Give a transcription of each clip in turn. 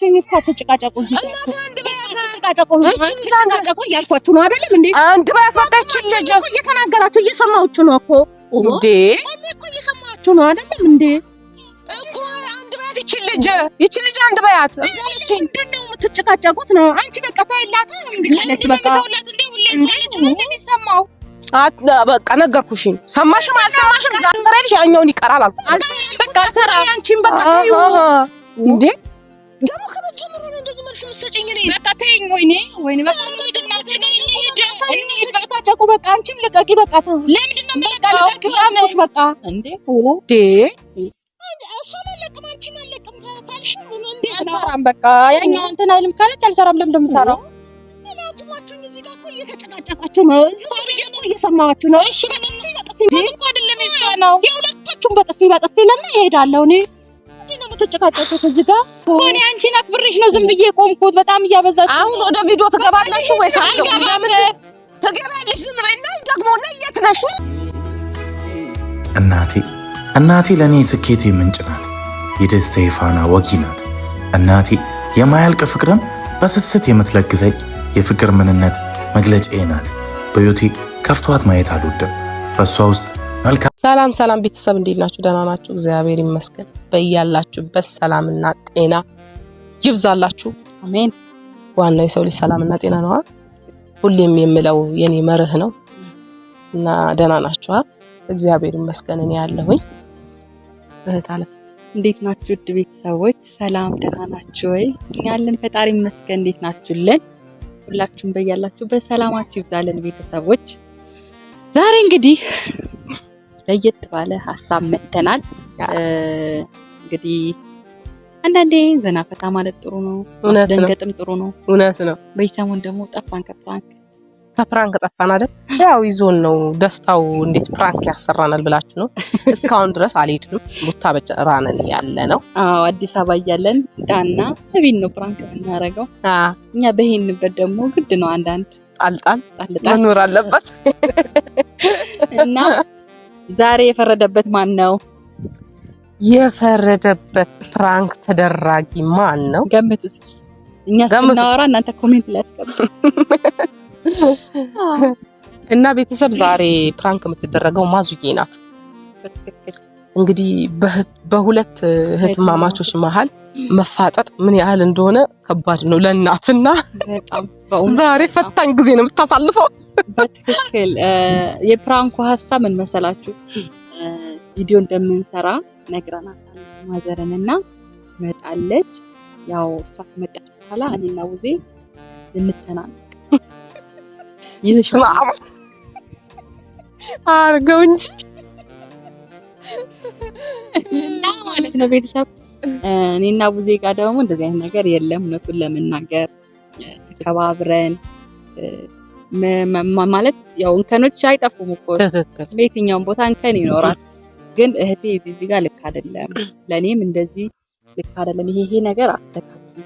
ሁለቱም እኮ ተጨቃጨቁ እያልኳችሁ ነው አይደለም እንዴ? አንድ ባያት እየተናገራችሁ እየሰማችሁ ነው እኮ እንዴ? እየሰማችሁ ነው አይደለም እንዴ? እኮ ልጅ ይቺ ልጅ አንድ ባያት ምንድን ነው የምትጨቃጨቁት ነው? አንቺ በቃ ታይላት እንዴ? በቃ እንደሚሰማው በቃ ነገርኩሽኝ። ሰማሽም አልሰማሽም ዛሬ ያኛውን ይቀራል አልኩ። በቃ ሰራ አንቺም በቃ እንዴ ደግሞ ከመጀመሪያ ነው እንደዚህ መልስ የምትሰጪኝ? እኔ በቃ ተይኝ። ወይኔ ወይኔ፣ በቃ በቃ አንቺም ልቀቂ። በቃ ለምንድን ነው በቃ ያኛው እንትን አይልም ካለች አልሰራም። ለምን እንደምሰራው እየተጨቃጨቃችሁ ነው። እየሰማችሁ ነው። እሺ በጥፊ በጥፊ ነው የሁለታችሁም በጥፊ በጥፊ ለምን እሄዳለሁ እኔ የምትጨቃጨቁት እዚህ ጋር እኮ እኔ አንቺን አክብሬሽ ነው ዝም ብዬ ቆምኩት። በጣም እያበዛችሁ። አሁን ወደ ቪዲዮ ትገባላችሁ ወይስ ትገቢያለሽ? ዝም በይና ደግሞ የት ነሽ እናቴ? እናቴ ለእኔ ስኬቴ ምንጭ ናት፣ የደስታ የፋና ወጊ ናት። እናቴ የማያልቅ ፍቅርን በስስት የምትለግሰኝ የፍቅር ምንነት መግለጫዬ ናት። በዮቴ ከፍቷት ማየት አልወድም። በእሷ ውስጥ ሰላም ሰላም ቤተሰብ እንዴት ናችሁ? ደህና ናችሁ? እግዚአብሔር ይመስገን። በያላችሁበት ሰላምና ጤና ይብዛላችሁ። አሜን። ዋናው የሰው ልጅ ሰላምና ጤና ነዋ። ሁሌም የምለው የኔ መርህ ነው እና ደህና ናችኋ? እግዚአብሔር ይመስገን እኔ ያለሁኝ። እህት አለ እንዴት ናችሁ? ውድ ቤተሰቦች ሰላም ደህና ናችሁ ወይ? እኛ ፈጣሪ ይመስገን። እንዴት ናችሁልን? ሁላችሁም በያላችሁ በሰላማችሁ ይብዛልን ቤተሰቦች ዛሬ እንግዲህ ለየት ባለ ሀሳብ መጥተናል። እንግዲህ አንዳንዴ ዘና ፈታ ማለት ጥሩ ነው። አስደንገጥም ጥሩ ነው። እውነት ነው። በሰሞን ደግሞ ጠፋን ከፕራንክ ከፕራንክ ጠፋን አይደል? ያው ይዞን ነው ደስታው። እንዴት ፕራንክ ያሰራናል ብላችሁ ነው። እስካሁን ድረስ አልሄድንም። ቦታ በጭራነን ያለ ነው። አዎ አዲስ አበባ እያለን ዳና ህቢን ነው ፕራንክ የምናደርገው። እኛ በሄንበት ደግሞ ግድ ነው አንዳንድ ጣልጣል ጣልጣል መኖር አለበት እና ዛሬ የፈረደበት ማን ነው? የፈረደበት ፕራንክ ተደራጊ ማን ነው? ገምቱ እስኪ። እኛ ስናወራ እናንተ ኮሜንት ላይ አስቀምጡ። እና ቤተሰብ ዛሬ ፕራንክ የምትደረገው ማዙዬ ናት። እንግዲህ በሁለት እህትማማቾች መሀል መፋጠጥ ምን ያህል እንደሆነ ከባድ ነው ለእናትና ዛሬ ፈታኝ ጊዜ ነው የምታሳልፈው። በትክክል የፕራንኩ ሀሳብ ምን መሰላችሁ? ቪዲዮ እንደምንሰራ ነግረናታል ማዘርን እና ትመጣለች። ያው እሷ ከመጣች በኋላ እኔና ውዜ ልንተናነቅ አርገው እንጂ እና ማለት ነው ቤተሰብ እኔና ቡዜ ጋር ደግሞ እንደዚህ አይነት ነገር የለም። እውነቱን ለመናገር ተከባብረን ማለት ያው እንከኖች አይጠፉም እኮ በየትኛውም ቦታ እንከን ይኖራል። ግን እህቴ እዚህ እዚህ ጋር ልክ አይደለም፣ ለእኔም እንደዚህ ልክ አይደለም፣ ይሄ ይሄ ነገር አስተካክል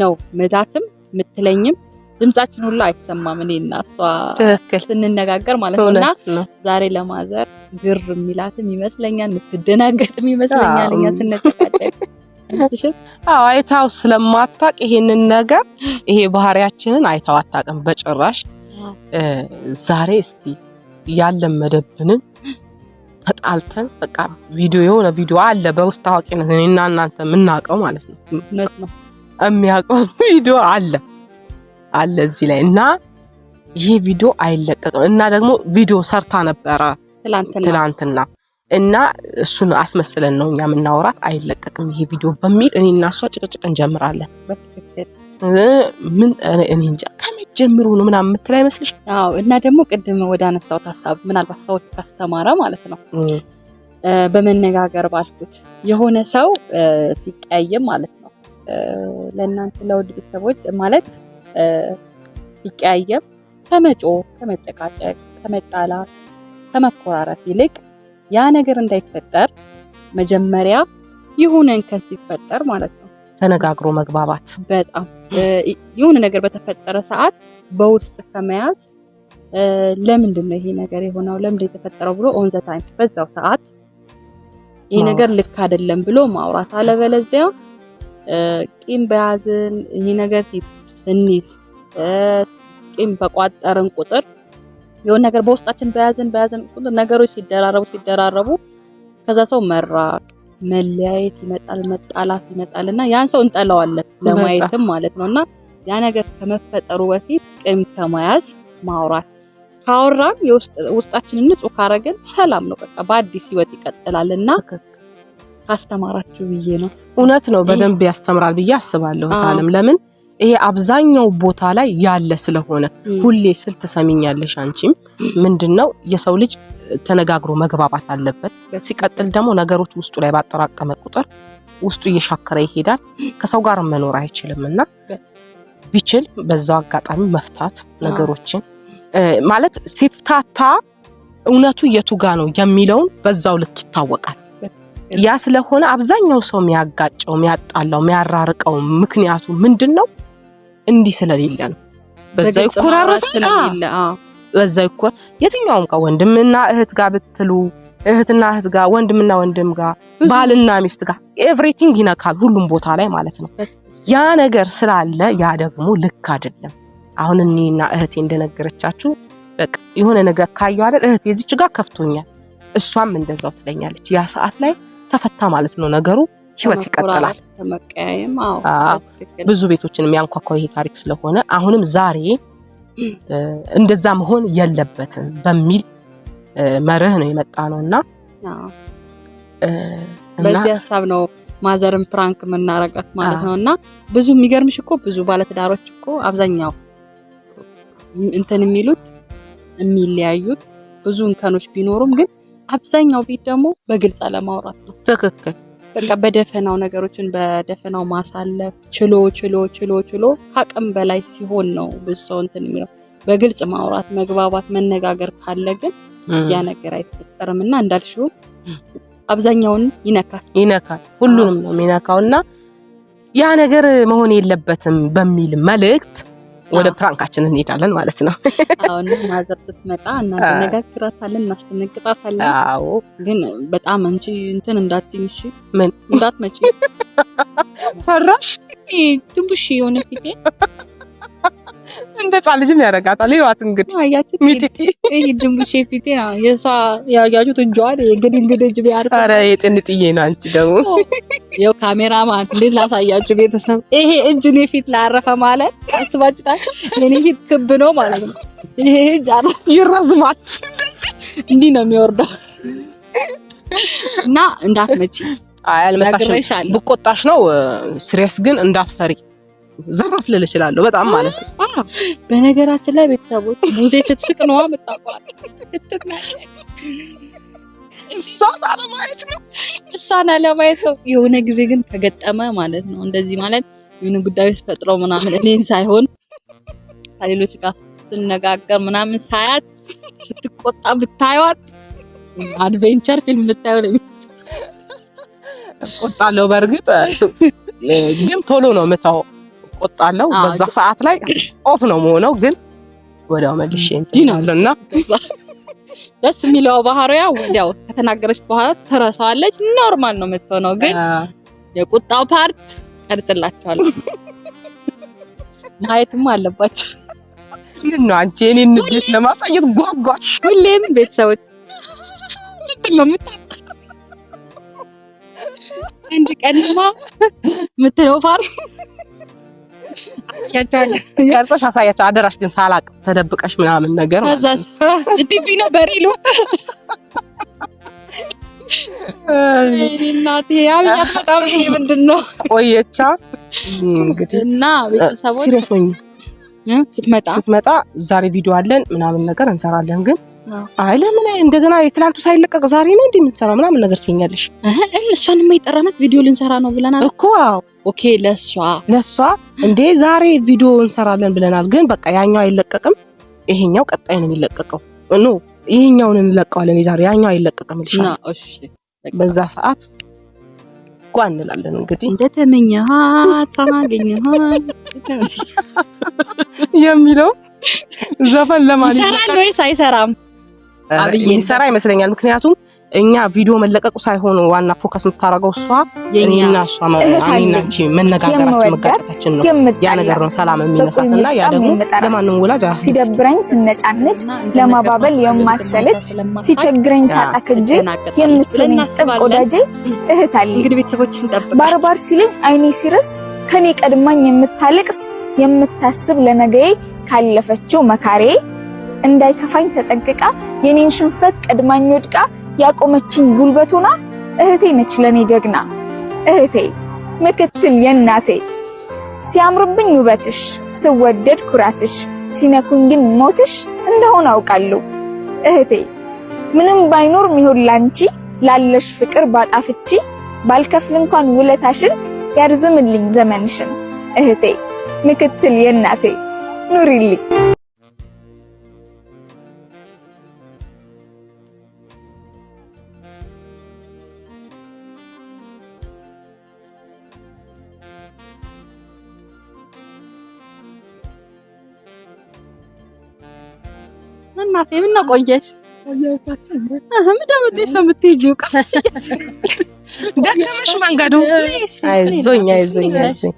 ነው መዛትም ምትለኝም ድምጻችን ሁሉ አይሰማም። እኔ እና እሷ ስንነጋገር ማለት እና ዛሬ ለማዘር ግር የሚላትም ይመስለኛል፣ የምትደናገጥም ይመስለኛል እኛ ስንጨቃጨቅ አይታው ስለማታቅ ይሄንን ነገር ይሄ ባህሪያችንን አይታው አታቅም በጭራሽ። ዛሬ እስቲ ያለመደብንን ተጣልተን በቃ ቪዲዮ የሆነ ቪዲዮ አለ በውስጥ ታዋቂነት እኔና እናንተ የምናውቀው ማለት ነው የሚያውቀው ቪዲዮ አለ አለ እዚህ ላይ እና ይሄ ቪዲዮ አይለቀቅም እና ደግሞ ቪዲዮ ሰርታ ነበረ ትላንትና እና እሱን አስመስለን ነው እኛ የምናወራት። አይለቀቅም ይሄ ቪዲዮ በሚል እኔ እናሷ ጭቅጭቅ እንጀምራለን። ምን እኔ እንጃ ጀምሮ ነው ምናምን የምትል አይመስልሽ? አዎ። እና ደግሞ ቅድም ወደ አነሳሁት ሀሳብ ምናልባት ሰዎች ካስተማረ ማለት ነው በመነጋገር ባልኩት የሆነ ሰው ሲቀያየም ማለት ነው ለእናንተ ለውድ ቤተሰቦች ማለት ሲቀያየም ከመጮ ከመጨቃጨቅ፣ ከመጣላት፣ ከመኮራረፍ ይልቅ ያ ነገር እንዳይፈጠር መጀመሪያ ይሁን እንከን ሲፈጠር ማለት ነው ተነጋግሮ መግባባት በጣም የሆነ ነገር በተፈጠረ ሰዓት በውስጥ ከመያዝ ለምንድን ነው ይሄ ነገር የሆነው ለምንድን የተፈጠረው ብሎ ኦን ዘ ታይም በዛው ሰዓት ይሄ ነገር ልክ አይደለም ብሎ ማውራት፣ አለበለዚያ ቂም በያዝን ይሄ ነገር ስንይዝ ቂም በቋጠርን ቁጥር የሆነ ነገር በውስጣችን በያዝን በያዝን ቁጥር ነገሮች ሲደራረቡ ሲደራረቡ ከዛ ሰው መራቅ መለያየት ይመጣል፣ መጣላት ይመጣል እና ያን ሰው እንጠላዋለን ለማየትም ማለት ነው እና ያ ነገር ከመፈጠሩ በፊት ቅም ከመያዝ ማውራት ካወራን የውስጣችንን ንጹህ ካረገን ሰላም ነው። በቃ በአዲስ ህይወት ይቀጥላል እና ካስተማራችሁ ብዬ ነው። እውነት ነው፣ በደንብ ያስተምራል ብዬ አስባለሁ። ታለም ለምን ይሄ አብዛኛው ቦታ ላይ ያለ ስለሆነ ሁሌ ስል ትሰሚኛለሽ አንቺም ምንድን ነው የሰው ልጅ ተነጋግሮ መግባባት አለበት። ሲቀጥል ደግሞ ነገሮች ውስጡ ላይ ባጠራቀመ ቁጥር ውስጡ እየሻከረ ይሄዳል። ከሰው ጋር መኖር አይችልም እና ቢችል በዛው አጋጣሚ መፍታት ነገሮችን ማለት ሲፍታታ እውነቱ የቱ ጋ ነው የሚለውን በዛው ልክ ይታወቃል። ያ ስለሆነ አብዛኛው ሰው የሚያጋጨው፣ የሚያጣላው፣ የሚያራርቀው ምክንያቱ ምንድን ነው? እንዲህ ስለሌለ ነው። በዛው ይኮራረፋል። በዛ እኮ የትኛውም ጋር ወንድምና እህት ጋር ብትሉ እህትና እህት ጋር፣ ወንድምና ወንድም ጋር፣ ባልና ሚስት ጋር ኤቭሪቲንግ ይነካል፣ ሁሉም ቦታ ላይ ማለት ነው። ያ ነገር ስላለ ያ ደግሞ ልክ አይደለም። አሁን እኔና እህቴ እንደነገረቻችሁ በቃ የሆነ ነገር ካየሁ አይደል እህቴ እዚች ጋር ከፍቶኛል፣ እሷም እንደዛው ትለኛለች። ያ ሰዓት ላይ ተፈታ ማለት ነው ነገሩ። ህይወት ይቀጥላል። ብዙ ቤቶችን የሚያንኳኳው ይሄ ታሪክ ስለሆነ አሁንም ዛሬ እንደዛ መሆን የለበትም በሚል መርህ ነው የመጣ ነው እና በዚህ ሀሳብ ነው ማዘርን ፕራንክ የምናረጋት ማለት ነው። እና ብዙ የሚገርምሽ እኮ ብዙ ባለትዳሮች እኮ አብዛኛው እንትን የሚሉት የሚለያዩት ብዙ እንከኖች ቢኖሩም ግን አብዛኛው ቤት ደግሞ በግልጽ አለማውራት ነው። ትክክል በቃ በደፈናው ነገሮችን በደፈናው ማሳለፍ ችሎ ችሎ ችሎ ችሎ ከአቅም በላይ ሲሆን ነው ብዙ ሰው እንትን የሚለው። በግልጽ ማውራት፣ መግባባት፣ መነጋገር ካለ ግን ያ ነገር አይፈጠርም እና እንዳልሽው አብዛኛውን ይነካል ይነካል ሁሉንም ነው እና ያ ነገር መሆን የለበትም በሚል መልእክት ወደ ፕራንካችን እንሄዳለን ማለት ነው። አሁን ማዘር ስትመጣ እናነጋግራታለን፣ እናስደነግጣታለን። አዎ ግን በጣም አንቺ እንትን እንዳትኝ፣ እሺ ምን እንዳትመጪ፣ ፈራሽ ድንቡሽ የሆነ ፊቴ እንደ ጻ ልጅም ያረጋታል። ይዋት እንግዲህ አያችሁ ሚጢጢ ይሄ ድምጽ ፊቴ የሷ ያያችሁት እንጆዋል እንግዲህ እንግዲህ እጅ ቢያርፍ አረ የጥንጥዬ ነው። አንቺ ደግሞ ያው ካሜራማን ላሳያችሁ ቤተሰብ ይሄ እጅ እኔ ፊት ላረፈ ማለት አስባችሁታል። እኔ ፊት ክብ ነው ማለት ነው። ይሄ እጅ አረፈ ይረዝማል። እንዲህ ነው የሚወርደው እና እንዳትመጪ አይ አልመጣሽም። ብቆጣሽ ነው ስሬስ ግን እንዳትፈሪ ዘራፍ ልል እችላለሁ። በጣም ማለት ነው። በነገራችን ላይ ቤተሰቦች ሙዜ ስትስቅ ነዋ የምታውቋት። እሷን አለማየት ነው፣ እሷን አለማየት ነው። የሆነ ጊዜ ግን ተገጠመ ማለት ነው። እንደዚህ ማለት ይህን ጉዳዩ ፈጥረው ምናምን እኔን ሳይሆን ከሌሎች ጋር ስትነጋገር ምናምን ሳያት ስትቆጣ ብታዩት አድቬንቸር ፊልም ብታዩ ነው። ቆጣለሁ በእርግጥ ግን ቶሎ ነው ምታው እቆጣለሁ። በዛ ሰዓት ላይ ኦፍ ነው መሆነው፣ ግን ወዲያው መልሼ እንትን አለው ደስ የሚለው ባህሪያ ወዲያው ከተናገረች በኋላ ትረሳዋለች። ኖርማል ነው የምትሆነው። ግን የቁጣው ፓርት ቀርጽላችኋለሁ፣ ማየትም አለባቸው። ምን ነው አንቺ የኔን ቤት ለማሳየት ጓጓሽ? ሁሌም ቤተሰቦች ስትል ነው የምታ አንድ ቀንማ የምትለው ፓርት ቀርጸሽ አሳያቸው አደራሽ። ግን ሳላቅ ተደብቀሽ ምናምን ነገር ቲቪ ነው በሪሉ ምንድን ነው ቆየቻ እንግዲህ እና ቤተሰቦች ስትመጣ ዛሬ ቪዲዮ አለን ምናምን ነገር እንሰራለን ግን አይ ለምን እንደገና የትላንቱ ሳይለቀቅ ዛሬ ነው እንዴ የምትሰራው? ምናምን ነገር ትኛለሽ። እሷን የማይጠራናት ቪዲዮ ልንሰራ ነው ብለናል እኮ። አዎ ኦኬ። ለእሷ ለእሷ እንዴ ዛሬ ቪዲዮ እንሰራለን ብለናል፣ ግን በቃ ያኛው አይለቀቅም፣ ይሄኛው ቀጣይ ነው የሚለቀቀው። ኖ ይሄኛውን እንለቀዋለን የዛሬ ያኛው አይለቀቅም እልሻለሁ። በዛ ሰዓት ጓ እንላለን እንግዲህ እንደተመኘሃት ታገኘሃት የሚለው ዘፈን ለማን ይሰራል ወይስ አይሰራም? አብይ የሚሰራ ይመስለኛል። ምክንያቱም እኛ ቪዲዮ መለቀቁ ሳይሆን ዋና ፎከስ የምታደርገው እሷ የኛ እሷ ማለት መነጋገራችን መጋጨታችን ነው። ያ ነገር ነው ሰላም የሚነሳትና ያ ደግሞ ለማንም ወላጅ ሲደብረኝ ስነጫነጭ ለማባበል የማትሰለች ሲቸግረኝ ሳጣ ከጄ የምትለኝ ጥብቅ ወዳጄ እህት አለኝ። እንግዲህ ቤተሰቦችን ጠብቅ። ባርባር ሲለኝ አይኔ ሲርስ ከኔ ቀድማኝ የምታለቅስ የምታስብ ለነገዬ ካለፈችው መካሬ እንዳይከፋኝ ተጠንቅቃ የኔን ሽንፈት ቀድማኝ ወድቃ ያቆመችኝ ጉልበት ሆና እህቴ ነች ለኔ ጀግና እህቴ ምክትል የእናቴ ሲያምርብኝ ውበትሽ ስወደድ ኩራትሽ ሲነኩኝ ግን ሞትሽ እንደሆነ አውቃለሁ እህቴ ምንም ባይኖር ሚሆን ላንቺ ላለሽ ፍቅር ባጣፍቺ ባልከፍል እንኳን ውለታሽን ያርዝምልኝ ዘመንሽን እህቴ ምክትል የእናቴ ኑሪልኝ እናቴ ምን ቆየሽ? ምደምዴ ሰምትጁ ቀስ ደከመሽ መንገዱ። አይዞኝ አይዞኝ አይዞኝ።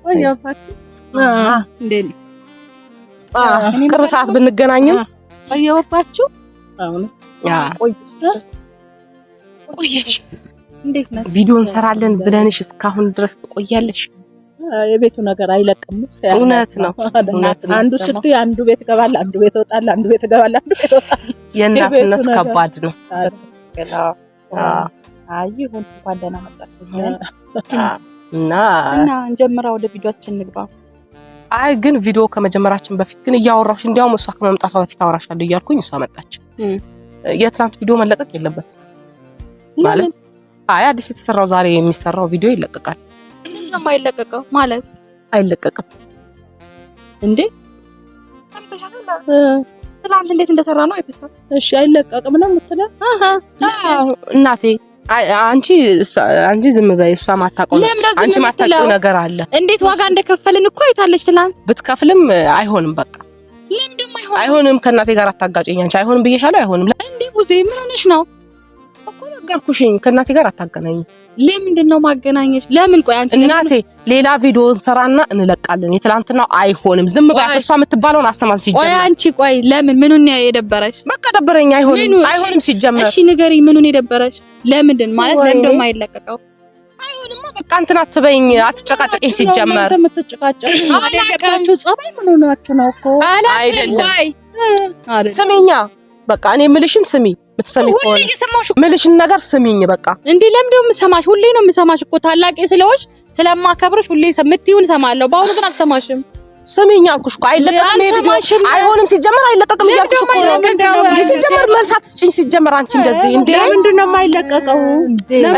ቅርብ ሰዓት ብንገናኝም ቆየሁባችሁ። ቆየሽ ቪዲዮ እንሰራለን ብለንሽ እስካሁን ድረስ ትቆያለሽ። የቤቱ ነገር አይለቅም። እውነት ነው። አንዱ ስት አንዱ ቤት ገባል፣ አንዱ ቤት ወጣል፣ አንዱ ቤት ገባል፣ አንዱ ቤት ወጣል። የእናትነት ከባድ ነው። አይ ይሁን፣ እንኳን ደህና መጣሽ። እና እና እንጀምራ ወደ ቪዲዮችን እንግባ። አይ ግን ቪዲዮ ከመጀመራችን በፊት ግን እያወራሽ እንዲያውም እሷ ከመምጣቷ በፊት አወራሻለሁ እያልኩኝ እሷ መጣች። የትናንት ቪዲዮ መለቀቅ የለበትም ማለት አይ አዲስ የተሰራው ዛሬ የሚሰራው ቪዲዮ ይለቀቃል። ነው የማይለቀቀው ማለት አይለቀቅም እንዴ? ትላንት እንዴት እንደሰራ ነው አይተሻል? እሺ፣ አይለቀቅም ነው የምትለው? እናቴ አንቺ አንቺ ዝም በይ። እሷ ማታውቀው አንቺ ማታውቀው ነገር አለ። እንዴት ዋጋ እንደከፈልን እኮ አይታለች ትላንት። ብትከፍልም አይሆንም በቃ ለምንድን አይሆንም? አይሆንም ከእናቴ ጋር አታጋጨኝ አንቺ። አይሆንም ብዬሻለሁ። አይሆንም እንዴ! ቡዜ ምን ሆነሽ ነው? ነገርኩሽኝ። ከእናቴ ጋር አታገናኝ። ለምንድን ነው ማገናኘሽ? ለምን? ቆይ አንቺ እናቴ፣ ሌላ ቪዲዮ እንሰራና እንለቃለን። የትላንትናው አይሆንም። ዝም ብላ እሷ የምትባለውን አሰማም። ሲጀምር። ቆይ አንቺ፣ ቆይ ለምን? ምኑን ነው የደበረሽ? በቃ ደበረኝ። አይሆንም፣ አይሆንም። ሲጀምር። እሺ፣ ንገሪኝ፣ ምኑን የደበረሽ? ለምንድን ማለት ለምንድን ማይለቀቀው የማይለቀቀው? አይሆንማ። በቃ እንትን አትበይኝ፣ አትጨቃጨቂኝ። ሲጀመር የምትጨቃጨቂኝ የገባችሁ ጸባይ ምን ሆናችሁ ነው እኮ አይደለም። ስሚኛ፣ በቃ እኔ የምልሽን ስሚ ብትሰሚ ሁሌ እየሰማሽ ምልሽን ነገር ስሚኝ። በቃ እንዴ ነው የምሰማሽ? ሁሌ ነው የምሰማሽ እኮ ታላቅ ስለሆንሽ ስለማከብርሽ ሁሌ የምትይውን እሰማለሁ። በአሁኑ ግን አልሰማሽም። ስሚኝ አልኩሽ እኮ አይለቀቅም። አይሆንም ሲጀመር አይለቀቅም እያልኩሽ እኮ ነው። ሲጀመር መልሳት አትስጭኝ። ሲጀመር አንቺ እንደዚህ እንዴ! ምንድን ነው የማይለቀቀው?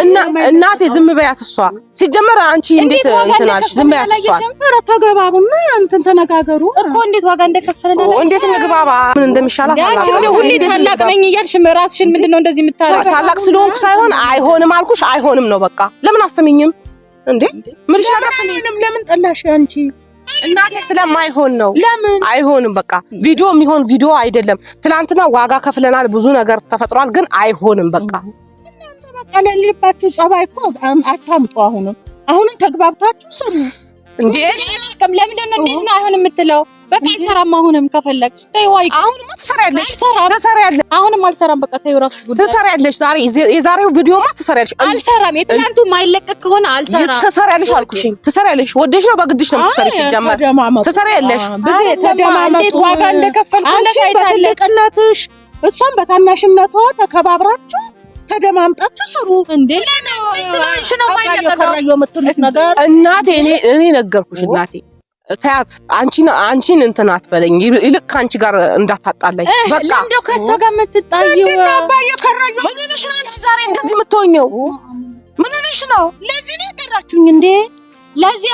እና እናቴ ዝም በያት። እሷ ሲጀመር አንቺ እንዴት እንትን አልሽ? ዝም በያት እሷ። ኧረ ተገባቡና እንትን ተነጋገሩ እኮ እንዴት ዋጋ እንደከፈለ እንዴት እንግባባ፣ ምን እንደሚሻላት ሁሌ ታላቅ ነኝ እያልሽ ራስሽን ምንድን ነው እንደዚህ የምታረጊው? ታላቅ ስለሆንኩ ሳይሆን አይሆንም አልኩሽ። አይሆንም ነው በቃ። ለምን አሰሚኝም እንዴ? ምልሽ ነገር ስለሆነም ለምን ጠላሽ አንቺ እናቴ ስለማይሆን ነው። ለምን አይሆንም? በቃ ቪዲዮ የሚሆን ቪዲዮ አይደለም። ትናንትና ዋጋ ከፍለናል፣ ብዙ ነገር ተፈጥሯል፣ ግን አይሆንም። በቃ እናንተ በቃ ለልባችሁ ጸባይ እኮ አታምጡ። አሁንም አሁንም ተግባብታችሁ ስሩ እንዴ! ለምንድን ነው እንዴት ነው አይሆን የምትለው? በቃ አይሰራም። አሁንም ከፈለግ ተይው። አይ አሁንማ ትሰሪያለሽ፣ ትሰሪያለሽ። አሁንም አልሰራም። በቃ ተይው፣ እራስሽ ጉዳይ ትሰሪያለሽ። ዛሬ የዛሬው ቪዲዮማ ትሰሪያለሽ። አልሰራም። የትናንቱ ማይለቀቅ ከሆነ አልሰራም። ትሰሪያለሽ አልኩሽ፣ ትሰሪያለሽ። ወደሽ ነው በግድሽ ነው የምትሰሪው። ሲጀመር ትሰሪያለሽ። በዚህ ተደማመጡ። እንዴት ዋጋ እንደከፈልኩለት በትልቅነትሽ፣ እሷም በታናሽነቷ ተከባብራችሁ ተደማምጣችሁ ስሩ። እንዴ ለምን ስለሆንሽ ነው ማይለቀቅ ነገር? እናቴ እኔ እኔ ነገርኩሽ እናቴ ታያት አንቺን አንቺን እንትን አትበለኝ፣ ይልቅ ከአንቺ ጋር እንዳታጣለኝ። በቃ እንደው ከሷ ጋር የምትጣየው ምን ሆነሽ ነው አንቺ ዛሬ እንደዚህ የምትሆኘው? ምን ሆነሽ ነው? ለዚህ ነው የጠራችሁኝ እንዴ? ለዚህ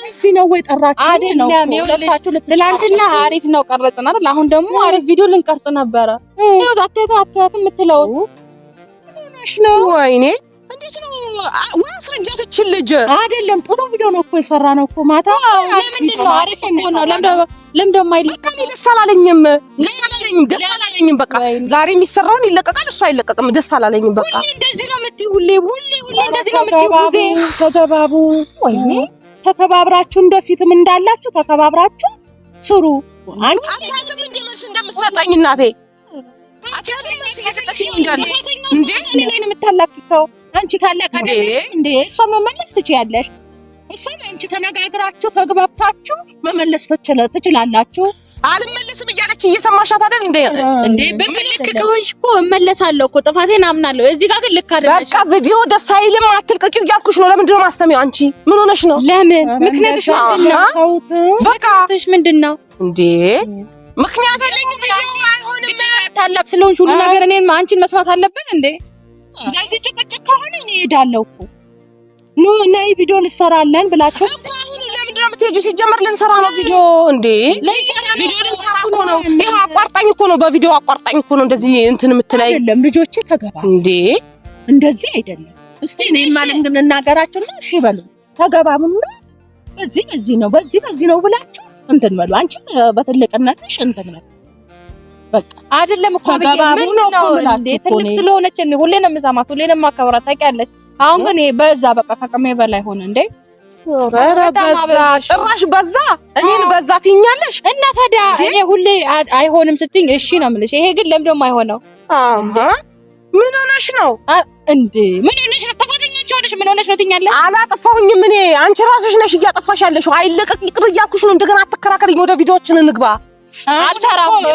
ለዚህ ነው ወይ ጠራችሁ? አይደለም ይወለላችሁ። ትናንትና አሪፍ ነው ቀረጽን አይደል? አሁን ደግሞ አሪፍ ቪዲዮ ልንቀርጽ ነበረ። ይኸው አታያትም አታያትም የምትለው ምን ሆነሽ ነው? ወይኔ አስረጃት እችን ልጅ አይደለም። ጥሩ ቪዲዮ ነው እኮ የሰራ ነው እኮ ማታ። ለምንድን ነው አሪፍ ደስ አላለኝም፣ ደስ አላለኝም፣ በቃ ዛሬ የሚሰራውን ይለቀቃል፣ እሱ አይለቀቅም። ደስ አላለኝም። በቃ ሁሌ እንደዚህ ነው የምትይው፣ ሁሌ ወይኔ ተከባብራችሁ፣ እንደፊትም እንዳላችሁ ተከባብራችሁ ስሩ። አንቺ አታውቅም እንደምትሰጠኝ እናቴ ለምን እኔን የምታላክከው? አንቺ ካላቀደሽ እንዴ እሷ መመለስ ትችያለሽ። እሷም አንቺ ተነጋግራችሁ ተግባብታችሁ መመለስ ትችላላችሁ። አልመለስም እያለች እየሰማሻት አይደል እንዴ? እንዴ በምን ልክ ከሆንሽ እኮ እመለሳለሁ እኮ ጥፋቴን አምናለሁ። እዚህ ጋር ግን ልክ አይደለሽ። በቃ ቪዲዮ ደስ አይልም አትልቀቂው እያልኩሽ ነው። ለምንድን ነው ማሰሚው? አንቺ ምን ሆነሽ ነው? ለምን ምክንያትሽ ምንድነው? በቃ ምንድነው እንዴ? ምክንያት አለኝ ቪዲዮ አይሆንም። ታላቅ ስለሆንሽ ሁሉ ነገር እኔን አንቺን መስማት አለብን እንዴ? እንደዚህ ጭቅጭቅ ከሆነ እኔ እሄዳለሁ እኮ ኑ ነይ ቪዲዮ እንሰራለን ብላችሁ እኮ አሁን ለምንድን ነው የምትሄጂው? ሲጀመር ልንሰራ ነው ቪዲዮ እንዴ? ቪዲዮ ልንሰራ እኮ ነው። ይሄ አቋርጣኝ እኮ ነው፣ በቪዲዮ አቋርጣኝ እኮ ነው። እንደዚህ እንትን የምትለይ አይደለም። ልጆቼ ተገባ እንዴ? እንደዚህ አይደለም። እስቲ እኔ ማለት ግን እናገራችሁና እሺ በሉ ተገባምና በዚህ በዚህ ነው በዚህ በዚህ ነው ብላችሁ እንትን በሉ። አንቺ በትልቅነትሽ እንትን በሉ በቃ አይደለም እኮ ምን ነው ትልቅ ስለሆነች ሁሌ ነው የምሰማት፣ ሁሌ ነው የማከብራት ታውቂያለሽ። አሁን ግን በዛ በቃ ከአቅሜ በላይ ሆነ እንዴ! ኧረ በዛ ጭራሽ በዛ እኔን በዛ ትይኛለሽ። እና ታዲያ እኔ ሁሌ አይሆንም ስትይኝ እሺ ነው የምልሽ። ይሄ ግን ለምደም አይሆነው? አሃ ምን ሆነሽ ነው እንዴ? ምን ሆነሽ ነው? ተፈተኛች ሆነሽ ምን ሆነሽ ነው ትይኛለሽ? አላጠፋሁኝም እኔ። አንቺ ራስሽ ነሽ እያጠፋሽ ያለሽው። አይለቀቅ ይቅር እያልኩሽ ነው። እንደገና አትከራከሪኝ። ወደ ቪዲዮችን እንግባ። አልሰራም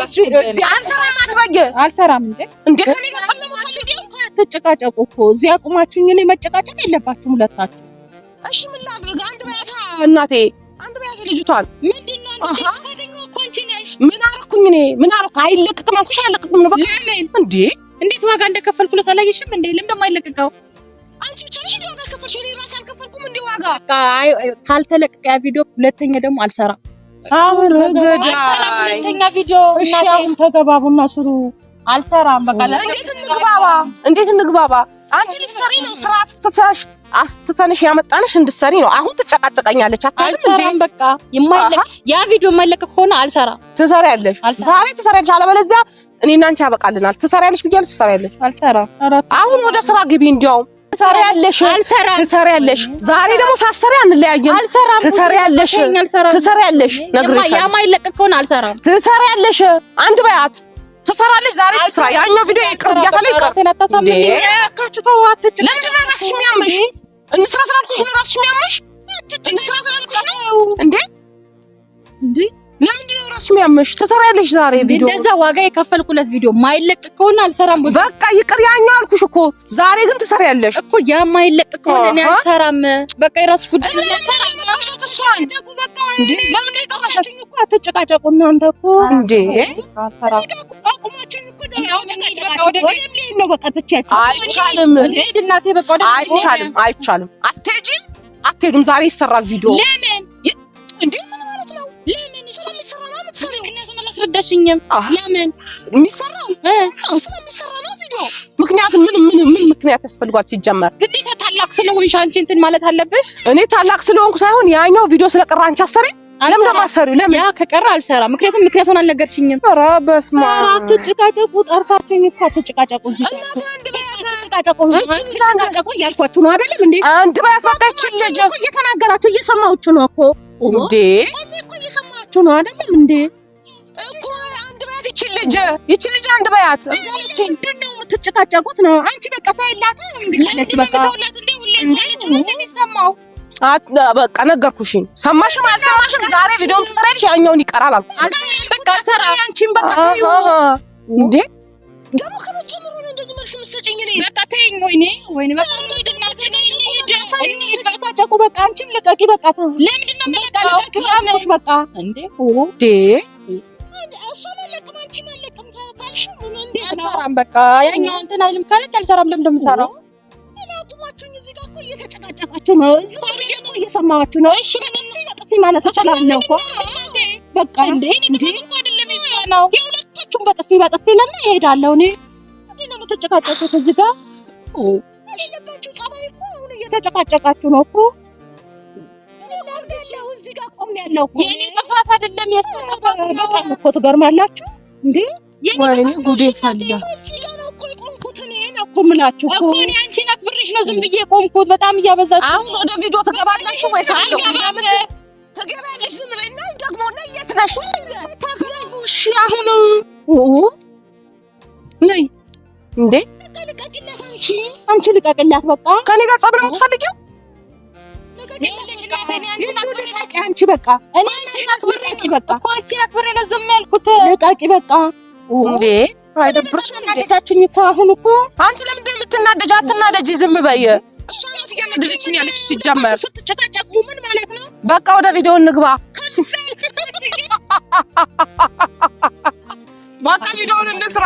አልሰራም አትበጌ እኮ እዚህ አቁማችሁኝ እኔ መጨቃጨቅ የለባችሁም ሁለታችሁ እሺ ምን ላድርግ አንድ በያታ እናቴ አንድ በያታ ልጅቷን ምን አረኩኝ እኔ ምን አረኩ አይለቅቅም አልኩሽ አይለቅቅም ነው በቃ እንዴ እንዴት ዋጋ እንደከፈልኩለት አላየሽም እንዴ ለምን ደግሞ አይለቅቀው አንቺ ብቻ ነሽ ዋጋ ከፈልሽ እኔ ራሴ አልከፈልኩም እንዴ ዋጋ ካልተለቀቀ ያ ቪዲዮ ሁለተኛ ደግሞ አልሰራም አሁን ገዳይተኛ ቪዲዮ አሁን ተገባቡና ስሩ። አልሰራም። በቃ እንዴት እንግባባ? እንዴት እንግባባ? አንቺ ልትሰሪ ነው ስራ አስተታሽ አስተተንሽ ያመጣነሽ እንድትሰሪ ነው። አሁን ትጨቃጨቀኛለች። አልሰራም። በቃ የማይለቅ ያ ቪዲዮ የማይለቅ ከሆነ አልሰራም። ትሰሪያለሽ፣ ዛሬ ትሰሪያለሽ። አለበለዚያ እኔና አንቺ ያበቃልናል። ትሰሪያለሽ ብያለሁ። ትሰሪያለሽ። አልሰራም። አሁን ወደ ስራ ግቢ እንዲያውም ትሰሪያለሽ፣ ትሰሪያለሽ። ዛሬ ደግሞ ሳሰሪ አንለያየም። ትሰሪያለሽ፣ ትሰሪያለሽ። ነግሬሻለሁ። የማይለቀቅ ከሆነ አልሰራም። ትሰሪያለሽ። አንድ በያት ትሰራለች። ዛሬ ትስራ። ያኛው ቪዲዮ ይቅርብ ያታለ ይቅርብ። ያካችሁ ተዋት። ለምንድን ነው እራስሽ የሚያምሽ? እንስራ ስላልኩሽ ነው እራስሽ የሚያምሽ። እንስራ ስላልኩሽ ነው እንዴ? እንዴ ለምንድን ራሱ የሚያመሽ ትሰሪያለሽ። ዛሬ ቪዲዮ እንደዛ ዋጋ የከፈልኩለት ቪዲዮ ማይለቅ ከሆነ አልሰራም። በቃ ይቅር ያኛው አልኩሽ እኮ ዛሬ ግን ትሰሪያለሽ እኮ ያ ማይለቅ ከሆነ እኔ አልሰራም። በቃ የራስሽ ጉዳይ ነው። አልሰራም አይቻልም። አትሄጂም፣ አትሄዱም። ዛሬ ይሰራል ቪዲዮ ለምን የምትሰሪው? ምክንያቱን አላስረዳሽኝም። ለምን የሚሰራው ስራ የሚሰራ ነው ቪዲዮ። ምክንያት ምን ምን ምን ምክንያት ያስፈልጓል? ሲጀመር ግዴታ ታላቅ ስለሆንሽ አንቺ እንትን ማለት አለብሽ። እኔ ታላቅ ስለሆንኩ ሳይሆን ያኛው ቪዲዮ ስለቀራ አንቺ አሰሪ ለምን ለማሰሪው ለምን ያ ከቀረ አልሰራ። ምክንያቱም ምክንያቱን አልነገርሽኝም። ኧረ በስመ አብ! አትጨቃጨቁ። ጠርታችሁኝ እኮ አትጨቃጨቁ። አትጨቃጨቁ እያልኳችሁ ነው አይደለም እንዴ? አንድ ባያት በቃ እየተናገራችሁ እየሰማሁችሁ ነው እኮ እንዴ እያወራችሁ ነው አይደለም እንዴ? እኮ አንድ በያት ይቺ ልጅ ይቺ ልጅ አንድ በያት ምንድን ነው የምትጨቃጨቁት? ነው አንቺ በቃ ታይላት እንዲለች በቃ በቃ ነገርኩሽ። ሰማሽም አልሰማሽም ዛሬ ቪዲዮም ትሰራልሽ ያኛውን ይቀራል አልኩ። በቃ ሰራ አንቺን በቃ እንዴ ነው እንደዚህ መልስ በቃ ወይኔ ወይኔ በቃ ጨቁ በቃ አንቺም ልቀቂ በቃ። ለምንድን ነው የምለቃሽ? በቃ እንዴ ያኛው እንትን አይልም ካለች አልሰራም። ለምን እንደምሰራው እየተጨቃጨቃችሁ ነው፣ እየሰማችሁ ነው። እሺ ማለት በጥፊ በጥፊ ለምን እሄዳለሁ እኔ? እንዴ ነው የምትጨቃጨቁት እዚህ ጋር? እየተጨቃጨቃችሁ ነው እኮ። እዚህ ጋር ቆም ያለው እኮ የኔ ጥፋት አይደለም። በጣም እኮ ትገርማላችሁ እንዴ! ወይኔ ጉዴ ፈላ። ምላችሁ እኮ እኔ አንቺን አክብሬሽ ነው ዝም ብዬ ቆምኩት። በጣም እያበዛችሁ አሁን ወደ ቪዲዮ ትገባላችሁ ወይስ ዝም በይና ደግሞ የት ነሽ? እሺ አሁን ነይ እንዴ አንቺ ልቀቅላት። በቃ ከኔ ጋር ጸብ ነው የምትፈልጊው? አንቺ በቃ እኔ አንቺን አክብሬ ነው ልቀቂ በቃ እንዴ አይደብርሽም? እናደዳችኝ እኮ አሁን እኮ አንቺ ለምንድን ነው የምትናደጅ? አትናደጂ፣ ዝም በይ። እያናደደችኝ ያለች። ሲጀመር ምን ማለት ነው? በቃ ወደ ቪዲዮ እንግባ። በቃ ቪዲዮውን እንስራ።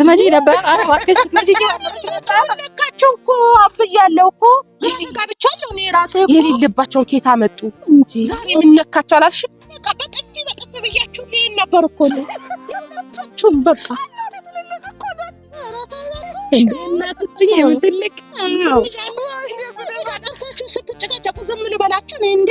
ትመጪ ነበር። ኧረ እባክሽ ትመጪ ለካቸው እኮ አብያለሁ እኮ ይህንጋ ብቻ እኔ ራሴ የሌለባቸውን ኬታ መጡ ዛሬ የምንነካቸው አላልሽም? በቃ በጥፊ በጥፊ ብያችሁ ልሄድ ነበር እኮ ነው በቃ ትልቅ ስትጨቃጨቁ ዝም ልበላችሁ እንዴ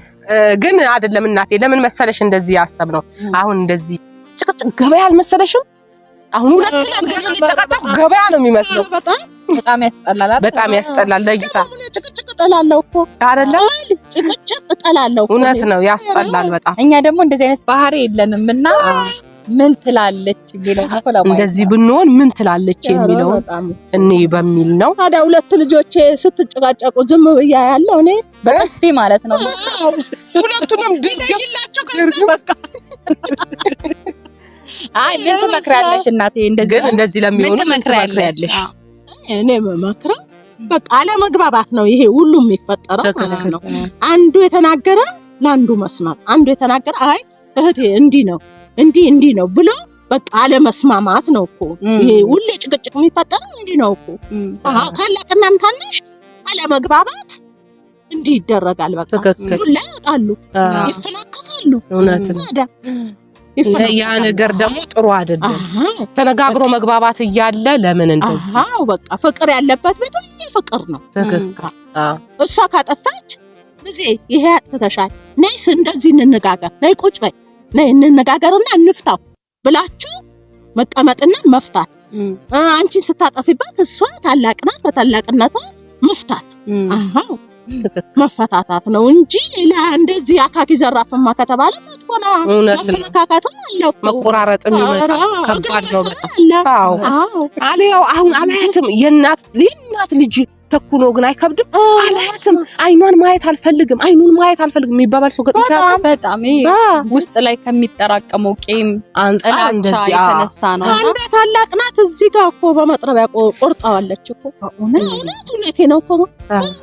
ግን አይደለም እናቴ። ለምን መሰለሽ እንደዚህ ያሰብ ነው። አሁን እንደዚህ ጭቅጭቅ ገበያ አልመሰለሽም? አሁን ሁለት ቀን ግን የሚጨቃጨቁ ገበያ ነው የሚመስለው። በጣም ያስጠላል፣ በጣም ያስጠላል። ለይታ ጭቅጭቅ እጠላለሁ እኮ አይደለም፣ ጭቅጭቅ እጠላለሁ። እውነት ነው ያስጠላል በጣም። እኛ ደግሞ እንደዚህ አይነት ባህሪ የለንም እና ምን ትላለች የሚለው እንደዚህ ብንሆን ምን ትላለች የሚለው እኔ በሚል ነው። ታዲያ ሁለቱ ልጆቼ ስትጨቃጨቁ ዝም ብያ ያለው እኔ በጥፊ ማለት ነው። ሁለቱንም ድንገላቸው በቃ አይ ምን ትመክሪያለሽ እናቴ? እንደዚህ ግን እንደዚህ ለሚሆኑ ምን ትመክሪያለሽ? እኔ መመክራ በቃ አለመግባባት ነው ይሄ ሁሉ የሚፈጠረው ማለት ነው። አንዱ የተናገረ ለአንዱ መስማት፣ አንዱ የተናገረ አይ እህቴ እንዲህ ነው እንዲህ እንዲህ ነው ብሎ በቃ አለመስማማት ነው እኮ ይሄ ሁሌ ጭቅጭቅ የሚፈጠረው እንዲህ ነው እኮ ታላቅናም ታናሽ አለመግባባት እንዲህ ይደረጋል። በቃ ዱላ ያወጣሉ፣ ይፈናቀቃሉ። እውነት ታዲያ ያ ነገር ደግሞ ጥሩ አይደለም። ተነጋግሮ መግባባት እያለ ለምን እንደዚህ? አዎ በቃ ፍቅር ያለበት ቤት ሁሌ ፍቅር ነው። ትክክል። እሷ ካጠፋች ጊዜ ይሄ አጥፍተሻል፣ ነይስ እንደዚህ እንነጋገር፣ ነይ ቁጭ በይ ነይ እንነጋገርና እንፍታው ብላችሁ መቀመጥና መፍታት፣ አንቺን ስታጠፊባት እሷ ታላቅ በታላቅነቷ መፍታት አሃው መፈታታት ነው እንጂ ሌላ እንደዚህ አካኪ ዘራፍማ ከተባለ መጥፎ ነው። መፈነካካትም አለው መቆራረጥም ይመጣ ከባድ ነው በጣም አዎ። አሁን አላያትም የእናት ልጅ እየተኩ ነው ግን አይከብድም። አላያትም። አይኗን ማየት አልፈልግም፣ አይኑን ማየት አልፈልግም የሚባባል ሰው ገጥሞ በጣም ውስጥ ላይ ከሚጠራቀመው ቂም አንጻር እንደዚህ የተነሳ ነው። አንዷ ታላቅ ናት። እዚህ ጋር እኮ በመጥረቢያ ቆርጣዋለች እኮ እውነት እውነቴ ነው እኮ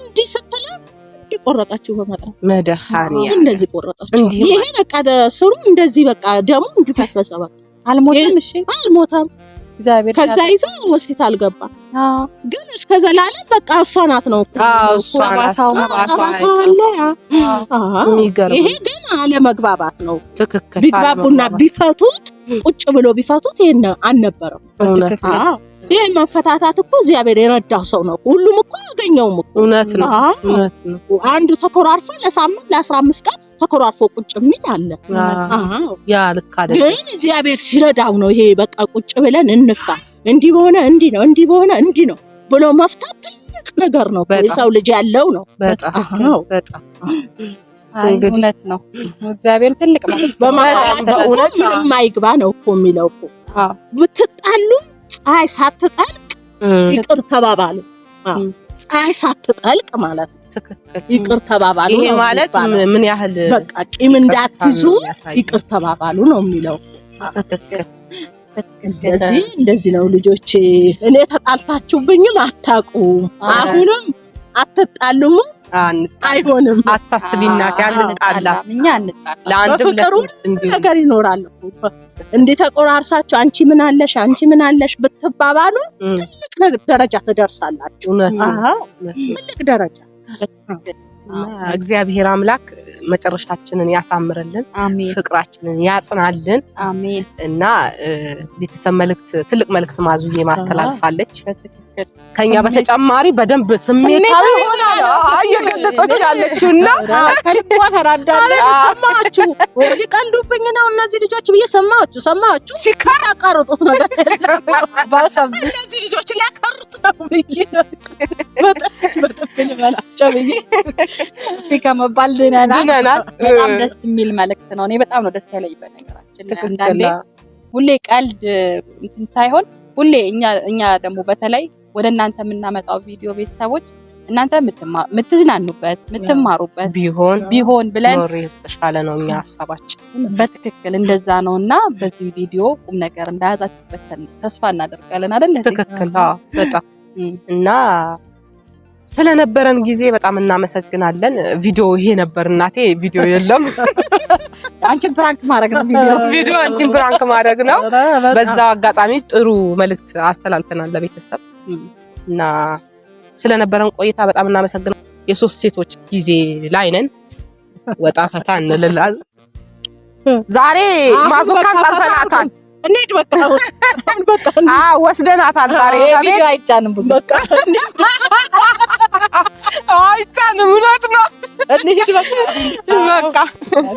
እንዲህ ስትለው እንዲህ ቆረጣችሁ በመጥረብ መድኃኒያ እንደዚህ ቆረጣችሁ። ይሄ በቃ ስሩ እንደዚህ በቃ ደሙ እንዲፈሰሰ በቃ አልሞተም። እሺ አልሞተም ከዛ ይዞ ወሴት አልገባ ግን እስከ ዘላለም በቃ እሷ ናት ነው ይሄ ግን አለመግባባት ነው። ቢግባቡና ቢፈቱት ቁጭ ብሎ ቢፈቱት ይሄን አልነበረው። ይህ መፈታታት እኮ እግዚአብሔር የረዳው ሰው ነው። ሁሉም እኮ ያገኘውም እኮ እውነት ነው፣ እውነት ነው። አንዱ ተኮራርፎ ለሳምንት ለአስራ አምስት ቀን ተኮራርፎ ቁጭ የሚል አለ። ያ ልክ አይደለም፣ ግን እግዚአብሔር ሲረዳው ነው። ይሄ በቃ ቁጭ ብለን እንፍታ፣ እንዲህ በሆነ እንዲህ ነው፣ እንዲህ በሆነ እንዲህ ነው ብሎ መፍታት ትልቅ ነገር ነው። የሰው ልጅ ያለው ነው። በጣም በጣም እውነት ነው። እግዚአብሔር ትልቅ ነው። በማለት ምንም አይግባ ነው እኮ የሚለው እኮ ብትጣሉም ፀሐይ ሳትጠልቅ ይቅር ተባባሉ። ፀሐይ ሳትጠልቅ ማለት ነው። ትክክል ይቅር ተባባሉ። ይሄ ማለት ምን ያህል በቃ ቂም እንዳትይዙ ይቅር ተባባሉ ነው የሚለው። እንደዚህ እንደዚህ ነው ልጆቼ። እኔ ተጣልታችሁብኝም አታውቁም አሁንም አትጣሉም። አይሆንም። አታስቢ እናቴ፣ አንጣላ በፍቅሩ ነገር ይኖራል። እንዴ ተቆራርሳችሁ አንቺ ምን አለሽ አንቺ ምን አለሽ ብትባባሉ ትልቅ ደረጃ ትደርሳላችሁ። ትልቅ ደረጃ እግዚአብሔር አምላክ መጨረሻችንን ያሳምርልን፣ ፍቅራችንን ያጽናልን እና ቤተሰብ መልእክት ትልቅ መልእክት ማዙዬ ማስተላልፋለች። ከኛ በተጨማሪ በደንብ ስሜታዊ ሆና እየገለጸች ያለችውና ከልቧ ተራዳለች። ሰማችሁ? ሊቀልዱብኝ ነው እነዚህ ልጆች ብዬ ሰማችሁ? ሰማችሁ? ሲከር ነው ነገር እነዚህ ልጆች ሊያቀርጡት ነው ብዬ በጥፍን በላቸው ብዬ ከመባል ድነናል። በጣም ደስ የሚል መልእክት ነው። እኔ በጣም ነው ደስ ያለኝ። በነገራችን አንዳንዴ ሁሌ ቀልድ እንትን ሳይሆን ሁሌ እኛ ደግሞ በተለይ ወደ እናንተ የምናመጣው ቪዲዮ ቤተሰቦች እናንተ የምትዝናኑበት የምትማሩበት ቢሆን ቢሆን ብለን የተሻለ ነው እኛ ሀሳባችን በትክክል እንደዛ ነው እና በዚህም ቪዲዮ ቁም ነገር እንዳያዛችሁበት ተስፋ እናደርጋለን። አደለ? ትክክል በጣም እና ስለነበረን ጊዜ በጣም እናመሰግናለን። ቪዲዮ ይሄ ነበር። እናቴ ቪዲዮ የለም፣ አንቺን ፕራንክ ማድረግ ነው። ቪዲዮ አንቺን ፕራንክ ማድረግ ነው። በዛው አጋጣሚ ጥሩ መልእክት አስተላልፈናል ለቤተሰብ እና ስለነበረን ቆይታ በጣም እናመሰግናለን። የሶስት ሴቶች ጊዜ ላይ ነን። ወጣ ፈታ እንልላል። ዛሬ ማዞካን ጠርተናታል። እንሂድ በቃ አሁን በቃ አዎ፣ ወስደናታል። ዛሬ ከቤት አይጫንም፣ ብዙ በቃ አይጫንም። እውነት ነው። እንሂድ በቃ በቃ